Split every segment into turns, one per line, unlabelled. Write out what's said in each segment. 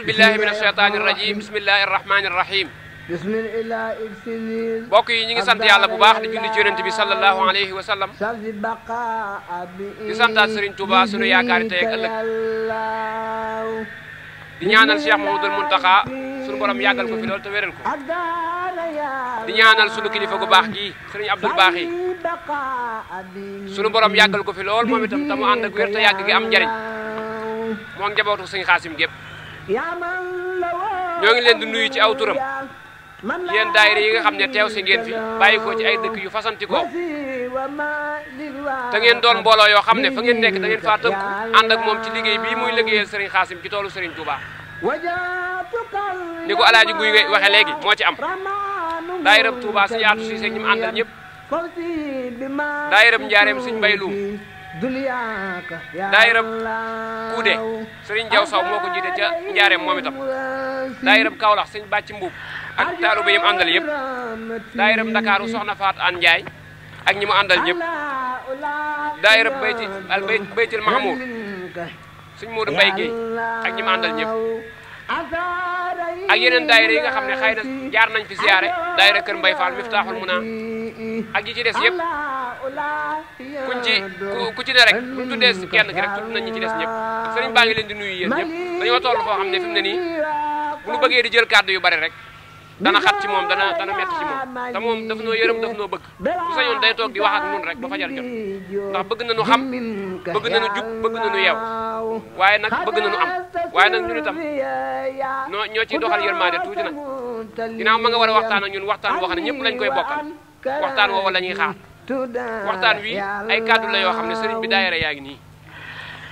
aouzu billahi min asheytaani rajim bismillahi arrahmani arrahim
bismillah ibsilil
bokk yi ñu ngi sant yàlla bu baax di julli ci yonent bi sallallahu alayhi wa sallam di santaat Serigne Touba sunu yaakaari tey ak ëllëg di ñaanal Cheikh Mouhamadoul Mountakha sunu borom yàggal ko fi lool te wéral ko di ñaanal sunu kilifa gu baax gii Serigne Abdoul Baaxi sunu borom yàggal ko fi lool moom itam te mu ànd ak wér te yàgg gi am njariñ moo ngi njabootu Serigne Xaasim gépp ñoo ngi leen di nuyu ci aw turam yéen daayira yi nga xam ne teew si ngeen fi bàyyi ko ci ay dëkk yu fasanti ko da ngeen doon mbooloo yoo xam ne fa ngeen nekk da ngeen faa tënku ànd ak moom ci liggéey bii muy liggéeyal sëriñ xaasim ci toolu sëriñ Touba
ni ko alaaji guy waxe léegi moo
ci am daayirab Touba si yaatu si sëñ ñi mu àndal ñëpp daayirab njaareem sëñ bay luum
daayirab
kuude sëriñ Jaw Saw moo ko jiite ca njaareem moom itam daayirab Kaolack sëñ Bàcc Mbuub ak taaluba yi mu àndal yëpp daayirab Ndakaaru soxna Faat An Njaay ak ñi mu àndal ñëpp bayti al baytil mahmuud sëñ Moodu Mbay ak
ak yeneen daayira yi nga xam ne xay na
jaar nañ fi ziyaare daayira kër Mbay Fall Miftaaxul Muna ak yi ci des yëpp kuñ ku ci ne rek bu des tuddee kenn ki rek tudd nañ ñi ci des ñëpp sëriñ baa ngi leen di nuyu yéen ñëpp dañoo toll foo xam ne fi mu ne nii bu ñu bëggee di jël kàddu yu bari rek dana xat ci moom dana dana metti ci moom te moom daf noo yërëm daf noo bëgg bu sañoon day toog di wax ak nun rek ba fajar jot ndax bëgg na nu xam bëgg na nu jub bëgg na nu yeew waaye nag bëgg na nu
am waaye nag ñun itam
noo ñoo ci doxal yërmaande tuuti nag ginnaaw ma nga war a waxtaan ak ñun waxtaan boo xam ne ñëpp lañ koy bokkal waxtaan woowu la ñuy xaar waxtaan wi ay kàddu la yoo xam ne sëriñ bi daayira yaa ngi nii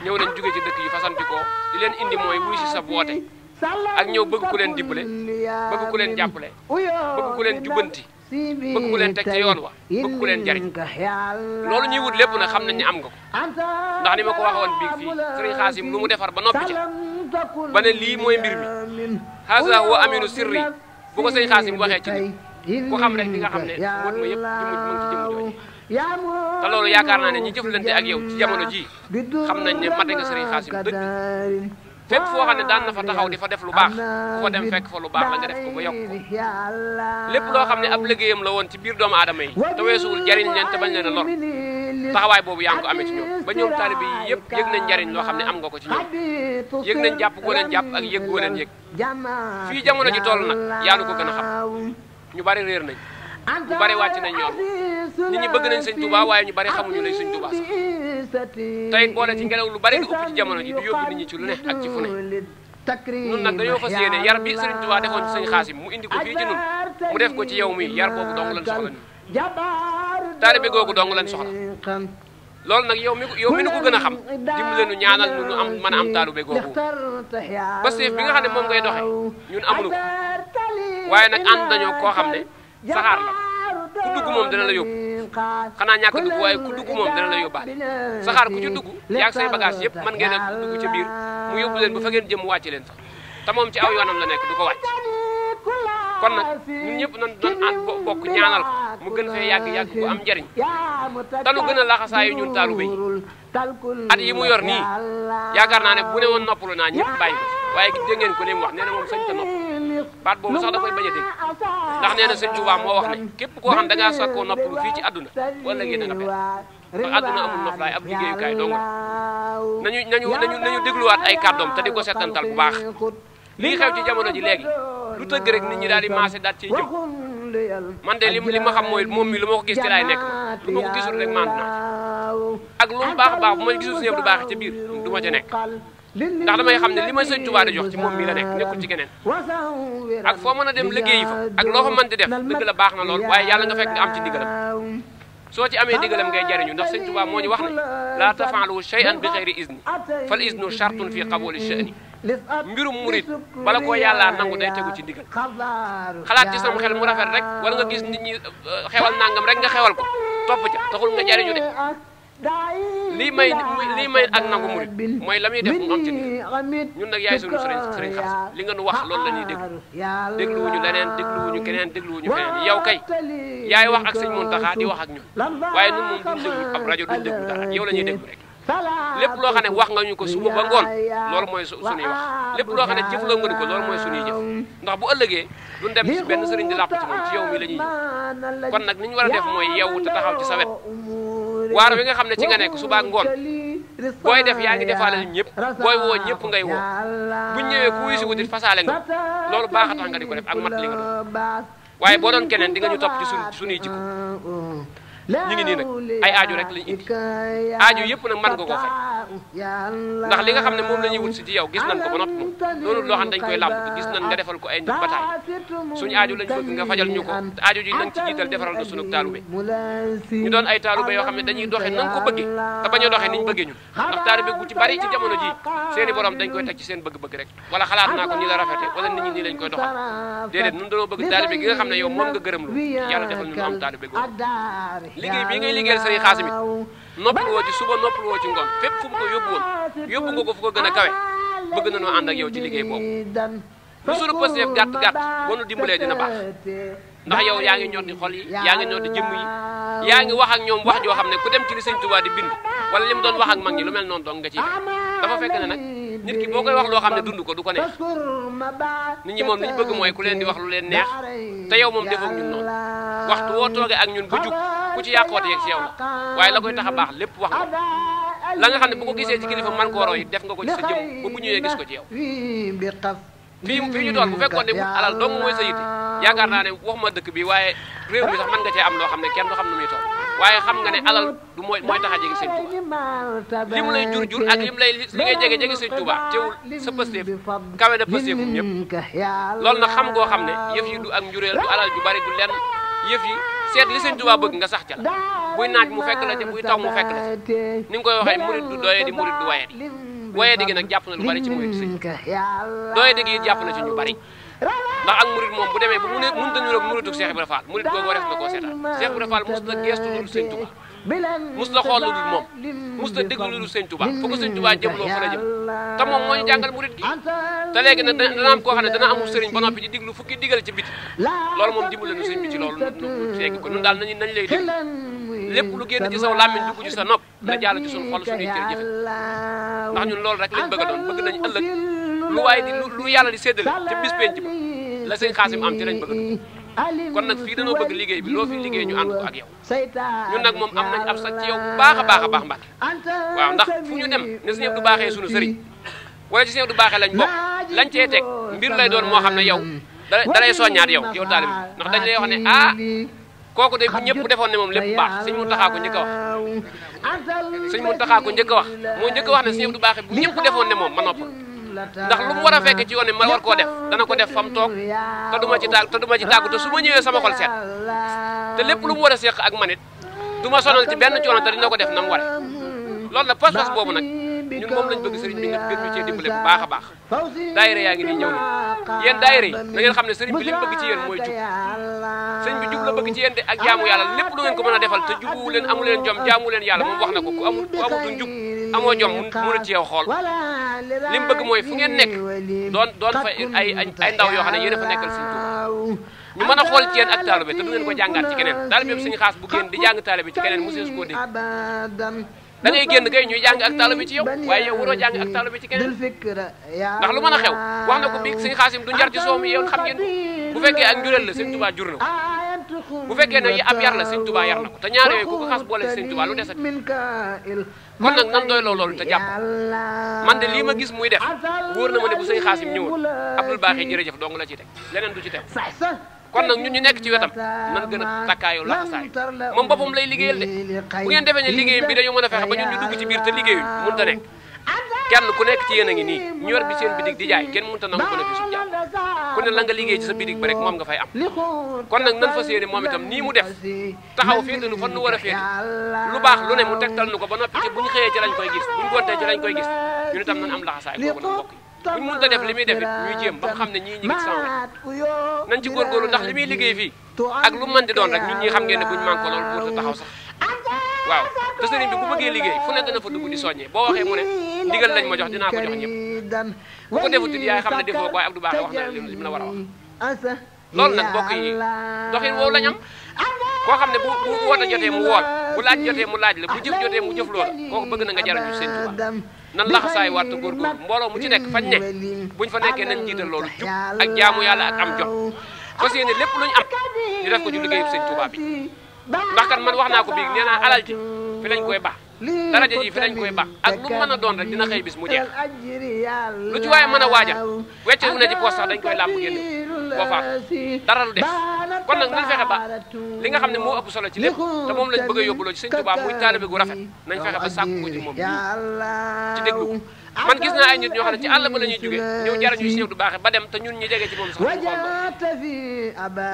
ñëw nañ jóge ci dëkk yi fasantikoo di leen indi mooy wuy si sa ak ñëw bëgg ku leen dimbale bëgg ku leen jàppale
bëgg ku leen jubanti bëgg ku leen teg ci yoon wa leen jariñ loolu ñuy wut
lépp nag xam nañ ne am nga
ko ndax ni ma ko waxoon bii fii sëriñ xaasim lu mu defar ba noppi ca ba ne lii mooy mbir mi
haasa huwa aminu sirri bu ko sëriñ xaasim waxee ci nit ku xam ne di nga xam ne wóot ma yëpp ci mujj
mu ngi ci loolu yaakaar naa ne ñi jëflante ak yow ci jamono jii
xam nañ ne mate nga sëriñ xaasim dëgg fépp foo xam ne daan na fa taxaw di fa def lu baax ku fa dem fekk fa lu baax la nga def ko ba yokk lépp loo xam ne ab liggéeyam la woon ci biir doomu aadama yi te weesuwul jariñ leen te bañ leen a lor taxawaay boobu yaa ngi ko amee ci ñoom ba ñoom taalibe yi yëpp yëg nañ jariñ loo xam ne am nga ko ci ñoom
yëg nañ jàpp goo leen jàpp
ak yëg goo leen yëg fii jamono ji toll nag yaa nu ko gën a xam ñu bari réer nañ
bu bari wàcc nañ yoon nit ñi bëgg nañ sëñ Touba waaye ñu bari xamuñu lay sëñ Touba sax
tayit boole ci ngelaw lu bari jamono ji du yóbbu nit ñi ci lu ne ak ci fu ne nun nag dañoo fas yéene yar bi sëriñ Touba defoon sëñ Xaasim mu indi ko fii ci nun mu def ko ci yow yar boobu dong lañ loolu nag yow mi yow mi nu ko gën a xam dimbale nu ñaanal nu nu am mën a am taalibe googu ba seef bi nga xam ne moom ngay doxee ñun amuñu ko waaye nag ànd nañoo koo xam ne saxaar la ku dugg moom dana la yóbbu xanaa ñàkk a dugg waaye ku dugg moom dana la yóbbaale saxaar ku ci dugg yaag say bagage yëpp mën ngeen a dugg ca biir mu yóbbu bu fa ngeen jëm mu wàcc leen moom ci aw yoonam la nekk du ko wàcc kon na nag ñun ñëpp nañ doon ànd bokk ñaanal ko mu gën fee yàgg yàgg bu am njariñ tanu gën a laxasaayu ñun taalibe yi at yi mu yor nii yaakaar naa ne bu ne woon noppalu naa ñëpp bàyyi ko waaye dégg ngeen ko ne mu wax nee na moom sañ baat boobu sax da koy bañ a dégg
ndax nee na sëñ Tuubaa wax ne képp
koo xam da ngaa sakkoo noppalu fii ci àdduna wala ngeen da nga fekk ndax àdduna amul noflaay ab liggéeyukaay dong nañu nañu nañu nañu dégluwaat ay kàddoom te di setantal bu baax lii xew ci jamono ji léegi lu tëgg rek nit ñi daal di maase daal ciy jëm man de li li xam mooy moom mi lu ma gis ci laay nekk lu ma gisul rek maandu ak lu baax baax bu ma gisul sëñ du baax ca biir du ca nekk ndax damay xam ne li may sëñ Tuubaa di jox ci moom mii la nekk nekkul ci keneen ak foo mën a dem liggéeyi fa ak loo fa mën di def dëgg la baax na lool waaye yàlla nga fekk nga am ci ndigalam soo ci amee ndigalam ngay jariñu ndax sëñ Tuubaa moo ñu wax ne laa tafaalu shay'an bi xeyri izni fal iznu shartun fi qabuli sha'ni mbirum murit bala koo yàllaa nangu day tegu ci ndigal xalaat ci sam xel mu rafet rek wala nga gis nit ñi xewal nangam rek nga xewal ko topp ca taxul nga jariñu de lii may lii may ak nangu murit mooy la muy def mu am ci ñun nag yaay suñu sëriñ sëriñ xas li nga nu wax loolu la ñuy déglu dégluwuñu leneen dégluwuñu keneen dégluwuñu feneen yow kay yaay wax ak sëñ Muntaxa di wax ak ñu waaye ñun moom duñ déglu ab rajo duñ déglu dara yow la ñuy déglu rek lépp loo xam ne wax nga ñu ko suba ba ngoon loolu mooy suñuy wax lépp loo xam ne jëf nga ñu ko loolu mooy suñuy ndax bu ëllëgee duñ dem ci benn sëriñ di làpp la ñuy ñëw nag ni ñu war a def mooy yow te taxaw ci sa waar wi nga xam ne ci nga nekk suba ak ngoon booy def yaa ngi defaale ñun ñëpp booy woo ñëpp ngay woo buñ ñëwee ku si wutit fasaale nga loolu baax a tax nga di ko def ak mat li nga waaye boo doon keneen di nga ñu topp ci suñuy jikko ñu ngi nii nag ay aaju rek lañu indi aaju yëpp nag mën nga koo faj ndax li nga xam ne moom la ñuy wut si ci yow gis nañ ko moom loolu loo xam dañ koy làmb gis nañ nga defal ko ay nit bataay
suñu aaju lañ bëgg nga fajal ñu ko
te aaju ji nañ ci jiital defaral na sunu taalube ñu doon ay taalube yoo xam ne dañuy doxe nañ ko bëggee te bañ a doxee niñ bëggee ñu ndax taalube gu ci bari ci seeni borom dañ koy teg ci seen bëgg rek wala xalaat naa ko ni la rafete wala nit ñi nii lañ koy doxal déedéet nun dañoo bëgg taalube xam ne yow moom nga gërëm liggéey bii ngay liggéeyal sëriñ Xaasim it noppal woo ci suba noppal woo ci ngoon fépp fu mu ko yóbbu woon yóbbu nga gën a kawe bëgg na noo ànd ak yow ci liggéey boobu lu sunu positif gàtt gàtt boo nu dimbalee dina baax
ndax yow yaa ngi
ñor ni xol yi yaa ngi ñor di jëmm yaa ngi wax ak ñoom wax joo xam ne ku dem ci li sëñ Tuubaa di bind wala li mu doon wax ak mag ñi lu mel noonu dong nga ciy dafa fekk ne nit ki boo koy wax loo xam ne dundu ko du ko neex nit ñi moom li bëgg mooy ku leen di wax lu leen neex te yow moom defoo ñun noonu ak ñun ba ku ci yàqoot yeeg si la waaye la koy tax a baax lépp wax nga
la xam ne bu ko gisee ci kilifa man
koo def nga ko ci sa jëm ba ko ci yow fii fii ñu tool bu fekkoon ne wut alal dong mooy sa yitte yaakaar naa ne waxuma dëkk bi waaye réew mi sax nga cee am loo xam ne kenn du xam nu muy tool waaye xam nga ne alal du mooy mooy jege sëñ Tuuba li mu lay jur na ak li mu lay li ngay jege jege sëñ sa pësteef kawe na xam ngoo xam ne yëf yi du ak njureel du alal ju bari du lenn yëf yi seet li sëñ Tuubaa bëgg nga sax ca la buy naaj mu fekk la ca buy taw mu fekk la ca ni nga koy waxee du doye di murit du waye di gi nag jàpp bari ci murit sëñ doye gi jàpp na ci ñu bari ndax ak murit moom bu demee ba mu ne mënut a ñëw ak muritu Cheikh Ibra Fall murit googu def na koo seetaan Cheikh Ibra Fall mos na geestu loolu sëñ Tuubaa mus la xool lu dul moom mus la déglu lu dul sëñ Touba foo ko sëñ Touba jëmloo fa la jëm te moom gi
te léegi nag dana am koo xam ne dana amul sëriñ ba noppi
di diglu fukki digal ci biti loolu moom dimbale nu sëñ bi ci loolu nu léegi ko ñun daal nañu nañ lay dégg lépp lu génn ci saw làmmiñ sa nopp na jàll ci suñu xol suñuy cër jëfe ndax ñun loolu rek lañ bëgg a doon bëgg nañu ëllëg lu waaye di lu yàlla di séddale ca bis la sëñ Xaasim kon nag fii dañoo bëgg liggéey bi loo fi liggéey ñu ànd ko ak yow ñun nag moom am nañ ab sax ci yow bu baax a baax a baax Mbàkke waaw ndax fu ñu dem ne Sëñ Abdou baaxee sunu sëriñ wala ci Sëñ Abdou baax lañ bokk lañ cee teg mbir lay doon moo xam ne yow da dalay soññaat yow yow taalib ndax dañ lay wax ne ah kooku de bu ñëpp defoon ne moom lépp baax sëñ Muntaxa ko njëkk a wax sëñ Muntaxa ko njëkk a wax moo njëkk a wax ne Sëñ Abdou baaxee bu ñëpp defoon ne moom ma noppal ndax lu mu wara fekk ci yoon ma war ko def dana ko def fam tok ta duma ci tag ta duma ci tàggu to suma ñewé sama xol set te lepp lu mu wara a ak manit duma sonal ci benn coono ta dina ko def nam war lool la pass pass bobu nak ñun mom lañ bëgg sëriñ bi nga gën ci dimbalé bu baaxa baax daayira yaa ngi nii ñëw ni yéen daayira da ngeen xam sëriñ bi lim bëgg ci yeen moy jub sëriñ bi jub la bëgg ci yeen de ak jaamu yalla lepp lu ngeen ko mëna defal te jubu leen amu leen jom jaamu leen yalla moom wax na ko ku amu ku amul du njub amo jom mu mënu ci yow xol lim bëgg moy fu ngeen nek doon doon fa ay ay ndaw yo xane yene fa nekkal señ ñu mëna xol ci yeen ak talibé te du ngeen ko jangat ci keneen talibé suñu xaas bu gën di jang talibé ci keneen musse ko
dégg da ngay genn
kay ñu jang ak talibé ci yow waye yow wuro jang ak talibé ci keneen ndax lu mëna xew wax na ko bi suñu xaasim du njar ci soomi yow xam ngeen bu fekke ak njurel la señ tuba jurna bu fekkee nag yi ab yar la sëñ Tuubaa yar na ko te ñaar yooyu ku ko xas boole si sëñ lu desati kon nag nan doy loolu te jàpp man de lii ma gis muy def wóor na ma ne bu sëñ Xaasim ñëwul Abdul Baaxi jërëjëf dong la ci teg leneen du ci teg kon nag ñun ñu nekk ci wetam man gën a takkaayu laxasaay moom boppam lay liggéeyal de bu ngeen defee ne liggéeyam bi dañu mën a ba ñun ñu dugg ci biir te liggéeyuñ mënut a nekk kenn ku nekk ci yéen a ngi nii ñu yor bi seen bidig di jaay kenn mënut a nangu bénéfice bu jàpp ku ne la nga liggéey ci sa bidig ba moom nga am kon nag nan fa séene moom itam nii mu def taxaw féetanu fan nu war a féete lu baax lu ne mu tegtal nu ko ba noppi ci bu ñu koy gis bu ñu gontee koy gis ñu ne tam nan am laxasaay kooku nag mbokk yi buñ def li muy def it ñuy jéem xam ne ñii ñi ngi sama wet nañ ci lu mën di doon te sëriñ bi bu bëggee liggéey fu ne dana fa dugg di soññee boo waxee mu ne ndigal lañ ma jox dinaa ko jox ñëpp
bu ko defutit yaay xam ne defoo waaye Abdou Bakhe wax na li mu la war a wax
loolu nag bokk doxin woowu lañ am koo xam ne bu bu woote jotee mu woot bu laaj jotee mu laaj la bu jëf jotee mu jëf loola kooku bëgg na nga jarañu seen Tuubaa
nan laxasaay waat
góorgóor mbooloo mu ci nekk fañ ne buñ fa nekkee nañ jiital loolu jub ak jaamu yàlla ak am jot fas yéene lépp luñ am ñu def ko ci liggéeyub seen Tuubaa bi ndax kan man wax naa ko bii nee naa alal ji fi lañ koy baax daraja ji fi lañ koy baax ak lu mën a doon rek dina xëy bis mu jeex
lu ci waaye mën a waaja
weccewu na ci poos sax dañ koy làmb génn boo faat dara lu des nag nañ fexe ba li nga xam ne moo ëpp solo ci lépp te moom lañ bëgg a yóbbuloo ci sëñ Tuubaa muy taalibe gu rafet nañ fexe ba sàkku ko ci moom ci déglu man gis na ay nit ñoo xam ci Allah mo lañuy jugge jóge jaar ñu si ñëw du baaxee ba dem te
ñun ñi jégué ci moom sax ñu xool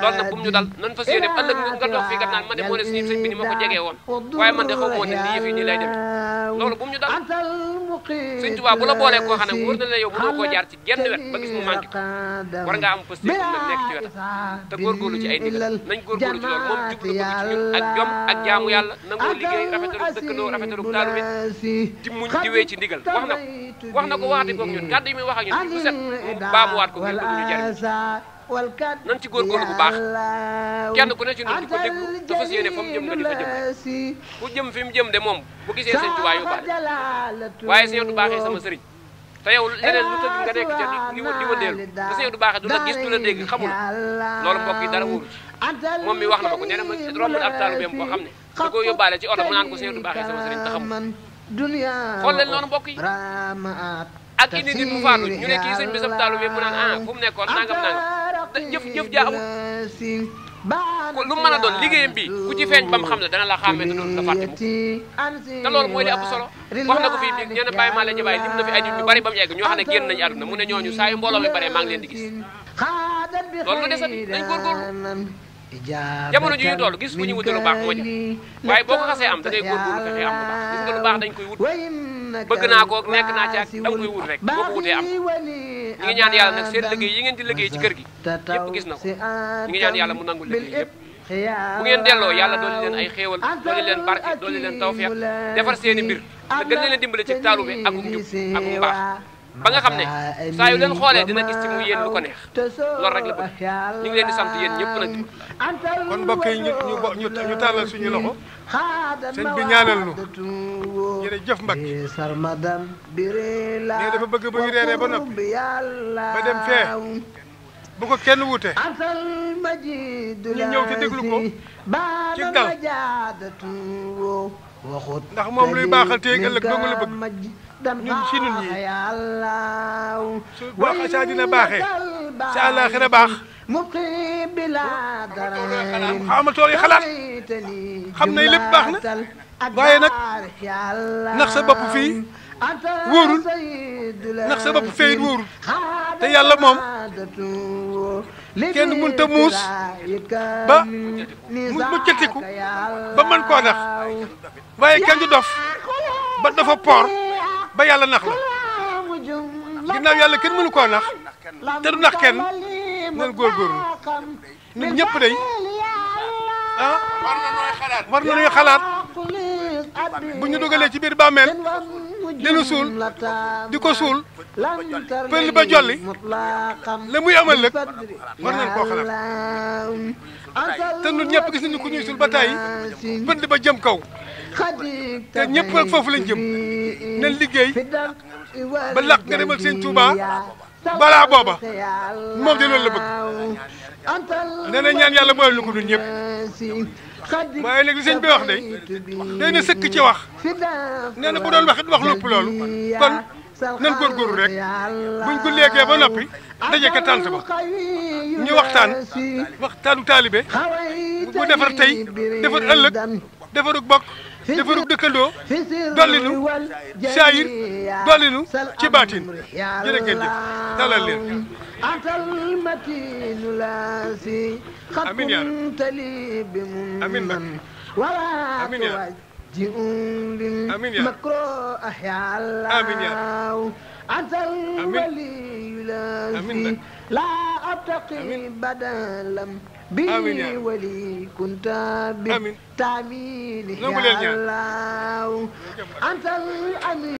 loolu nag bu mu dal ñu fa nan fas Allah ëllëg nga dox fi gatt naan man dem moo ne sëñ bi ni mako jégué jegee woon waaye man de xoko moo ne lii yëf yi nii lay dem loolu bu mu ñu dal sëñ tuba bu la boolee ko xam ne na la yow bu do ko jaar ci genn wet ba gis mu manki war nga am posté bu nekk ci wetam te golu ci ay ndigal nañ gor golu ci loolu moom jublu ko ci ñun ak jom ak jaamu yàlla nangoo liggéey rafetalu dëkkandoo rafetalu taalu bi di muñ di wéy ci ndigal wax na wax na ko waxati koog ñun kàddu yi muy wax ak ñun bu set baamuwaat ko ngir bëgg ñu jëriñ
nan ci góorgóorlu bu baax
kenn ku ne ci ñun di ko déglu dafa yéene fa mu jëm nga di fa jëm ku jëm fi jëm de moom bu gisee sëñ Tuubaa yu baax waaye sëñ du baaxee sama sëriñ te leneen lu tëdd nga nekk ca di di wëndeelu te sëñ du baaxee du la gis du la dégg xamul loolu mbokk yi dara moom mi wax na ma ko nee na ma romb ab xamul
xool noonu mbokk yi
ak indi nit mu faatu ñu ne kii sëñ bi sab taalu bi mu naan ah fu mu nekkoon nangam nangam jëf jëf jaa
amul lu mën doon liggéeyam bi ku ci feeñ ba xam ne dana la xàmmee te noonu la
fàtte mukk te loolu mooy li ëpp solo wax na ko fii bi ñenn bàyyi maa la na fi ay nit ñu bari ba mu yegg ñoo xam ne génn nañu àdduna mu ne ñooñu saa yu mbooloo mi bare maa ngi leen di gis
loolu lu desat nañ góorgóorlu
jamono ji ñu toll gis ku ñu wute baax moo jëf waaye boo ko xasee am da ngay góorgóorlu fexe am lu
baax gis dañ koy wut
bëgg naa ko nekk naa ci ak da nga koy wut rek am ñi ngi ñaan yàlla nag seen liggéey yi ngeen di liggéey ci kër gi yépp gis na ko
ñaan yàlla mu nangul liggéey yépp bu ngeen delloo yàlla dooli leen ay xéewal
dooli leen barke dooli leen tawfeex defar seen i mbir te gën leen dimbale ci taalube ak um jub ak um baax ba xam ne saa yu leen xoolee dina gis ci mu yéen ko neex loolu rek la bëgg ñu ngi leen di sant yéen ñëpp nag kon mbokk ñu ñu ñu la suñu loxo
sëñ bi ñaanal nu jërëjëf Mbacke nee dafa bëgg ba ñu reeree ba noppi ba dem fee bu ko kenn wuute ñu ñëw te déglu ko ci dal ndax moom luy baaxal tey ëllëg dong la bëgg. ñun sinun yi su baax sa dina baaxee sa àllaaxira baax xamal tool yi xalaat xam nañ lépp baax na waaye nag ndax sa bopp fii wóorul ndax sa bopp fee it wóorul te yàlla moom kenn mënut a muus ba mu cëtiku ba mën koo def waaye kenn du dof ba dafa poor. ba yàlla nax la ginnaaw yàlla kenn mënu koo nax te du nax kenn nan góorgóorlu ñun ñëpp day ah war bu ñu dugalee ci biir bàmmeel dina suul di ko suul pël ba jolli la muy amal lëg war nañ koo xalaat te ñun ñëpp gis nañu ku ñuy suul ba tàyyi pël ba jëm kaw. te ñëpp ak foofu lañ jëm na liggéey ba laq nga demal seen Touba balaa booba moom de loolu la ñaan yàlla boole lu ko dul ñëpp waaye nag li sëñ bi wax de day sëkk ci wax nee na bu doon wax it wax lépp loolu kon nan góorgóorlu rek buñ ko léegee ba noppi daje ka tànt ba ñu waxtaan waxtaanu taalibe bu defar tey defar ëllëg defarug bok defarub dëkkandoo dollinu saayir dollinu ci baatin jërë ngeen jëf dalal leen amiin yaa rabbi amiin nag amiin yaa rabbi amiin yaa rabbi amiin yaa rabbi amiin nag amiin nag bii wali kunta bi taamini ya allah antal amin